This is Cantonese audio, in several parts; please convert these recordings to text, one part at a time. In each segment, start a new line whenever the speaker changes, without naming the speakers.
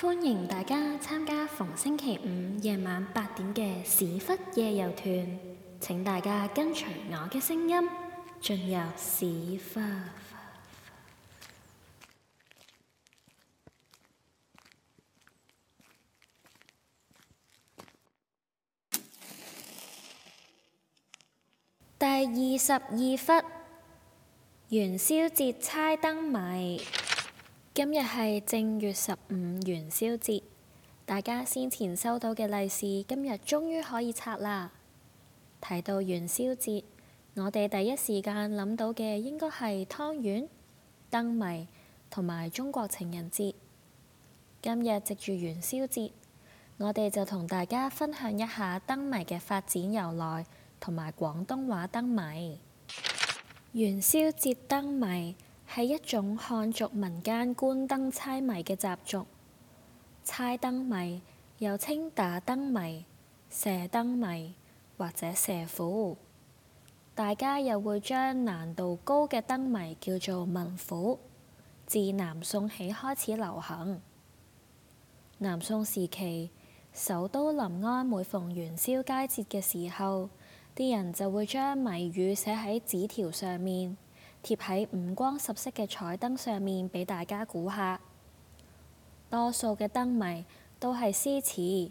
歡迎大家參加逢星期五夜晚八點嘅史窟夜遊團。請大家跟隨我嘅聲音進入史窟。第二十二窟，元宵節猜燈謎。今日係正月十五元宵節，大家先前收到嘅利是，今日終於可以拆啦。提到元宵節，我哋第一時間諗到嘅應該係湯圓、燈謎同埋中國情人節。今日藉住元宵節，我哋就同大家分享一下燈謎嘅發展由來同埋廣東話燈謎。元宵節燈謎係一種漢族民間觀燈猜謎嘅習俗，猜燈謎又稱打燈謎、射燈謎或者射虎，大家又會將難度高嘅燈謎叫做文虎。自南宋起開始流行。南宋時期，首都臨安每逢元宵佳節嘅時候，啲人就會將謎語寫喺紙條上面。貼喺五光十色嘅彩燈上面，俾大家估下。多數嘅燈謎都係詩詞，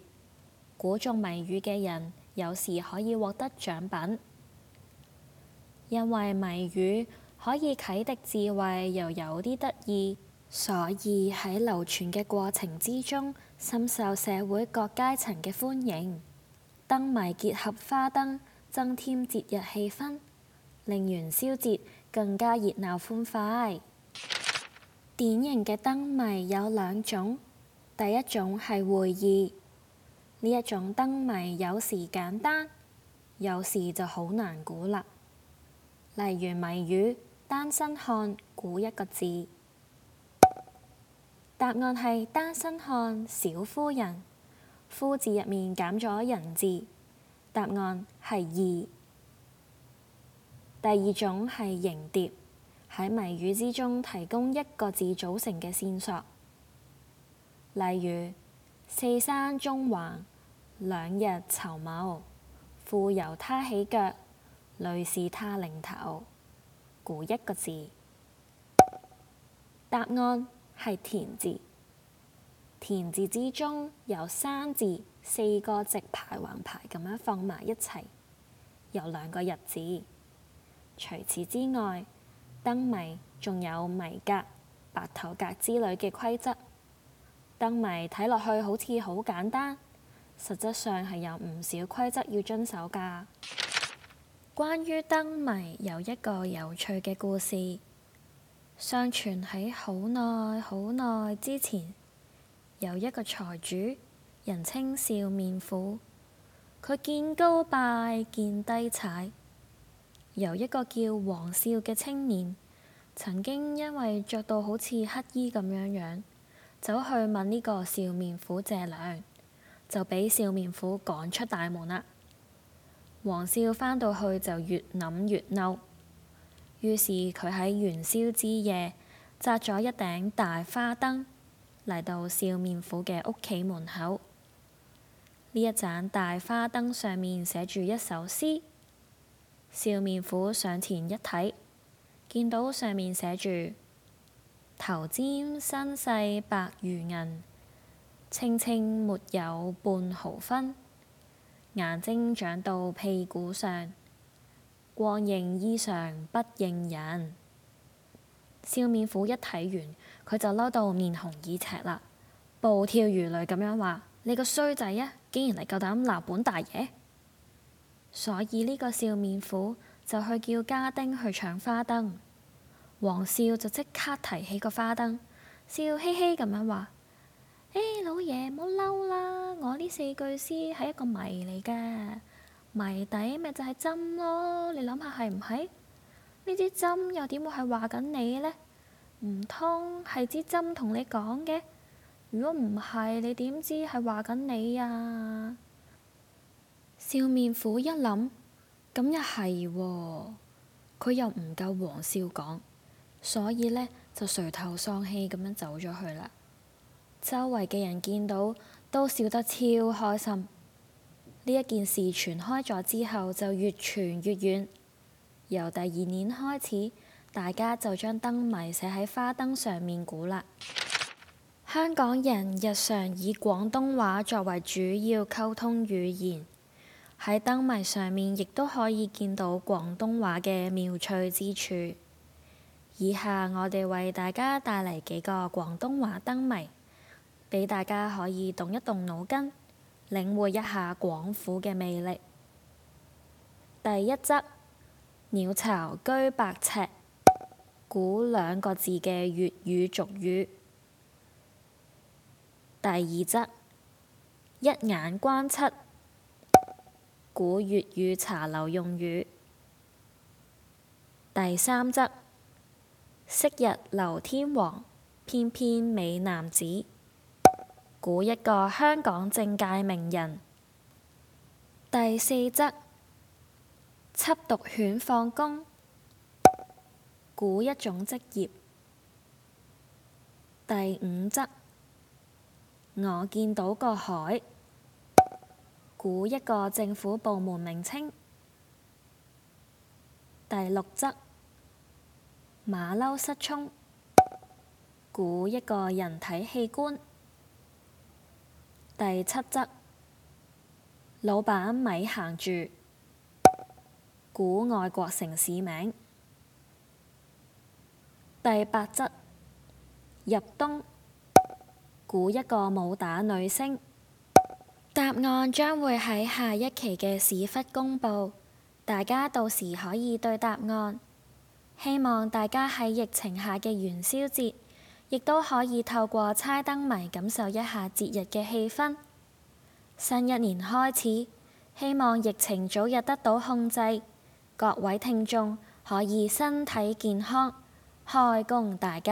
估中謎語嘅人有時可以獲得獎品。因為謎語可以啟迪智慧，又有啲得意，所以喺流傳嘅過程之中，深受社會各階層嘅歡迎。燈謎結合花燈，增添節日氣氛，令元宵節更加熱鬧歡快。典型嘅燈謎有兩種，第一種係會意。呢一種燈謎有時簡單，有時就好難估啦。例如謎語：單身漢，估一個字。答案係單身漢，少夫人。夫字入面減咗人字，答案係二。第二種係形疊，喺謎語之中提供一個字組成嘅線索，例如四山中橫，兩日籌繆，富由他起腳，累是他領頭，估一個字，答案係田字。田字之中有山字，四個直排橫排咁樣放埋一齊，有兩個日字。除此之外，燈謎仲有謎格、白頭格之類嘅規則。燈謎睇落去好似好簡單，實質上係有唔少規則要遵守㗎。關於燈謎有一個有趣嘅故事，相傳喺好耐好耐之前，有一個財主，人稱笑面虎，佢見高拜，見低踩。由一個叫黃少嘅青年，曾經因為着到好似乞衣咁樣樣，走去問呢個笑面虎借糧，就俾笑面虎趕出大門啦。黃少返到去就越諗越嬲，於是佢喺元宵之夜紮咗一頂大花燈嚟到笑面虎嘅屋企門口，呢一盞大花燈上面寫住一首詩。笑面虎上前一睇，見到上面寫住，頭尖身細白如銀，青青沒有半毫分，眼睛長到屁股上，光認衣裳不認人。笑面虎一睇完，佢就嬲到面紅耳赤啦，暴跳如雷咁樣話：你個衰仔啊，竟然嚟夠膽鬧本大爺！」所以呢個笑面虎就去叫家丁去搶花燈，黃少就即刻提起個花燈，笑嘻嘻咁樣話：唉、欸，老爺唔好嬲啦，我呢四句詩係一個謎嚟嘅，謎底咪就係針咯。你諗下係唔係？呢支針又點會係話緊你呢？唔通係支針同你講嘅？如果唔係，你點知係話緊你啊？笑面虎一諗，咁又係喎，佢又唔夠黃少講，所以呢，就垂頭喪氣咁樣走咗去啦。周圍嘅人見到都笑得超開心。呢一件事傳開咗之後，就越傳越遠。由第二年開始，大家就將燈謎寫喺花燈上面估啦。香港人日常以廣東話作為主要溝通語言。喺燈謎上面，亦都可以見到廣東話嘅妙趣之處。以下我哋為大家帶嚟幾個廣東話燈謎，俾大家可以動一動腦筋，領會一下廣府嘅魅力。第一則：鳥巢居百尺，估兩個字嘅粵語俗語。第二則：一眼關七。古粵語茶樓用語。第三則，昔日劉天王，翩翩美男子。古一個香港政界名人。第四則，緝毒犬放工。古一種職業。第五則，我見到個海。估一個政府部門名稱。第六則，馬騮失聰。估一個人體器官。第七則，老闆咪行住。估外國城市名。第八則，入冬。估一個武打女星。答案將會喺下一期嘅史窟公佈，大家到時可以對答案。希望大家喺疫情下嘅元宵節，亦都可以透過猜燈謎感受一下節日嘅氣氛。新一年開始，希望疫情早日得到控制，各位聽眾可以身體健康，開工大吉。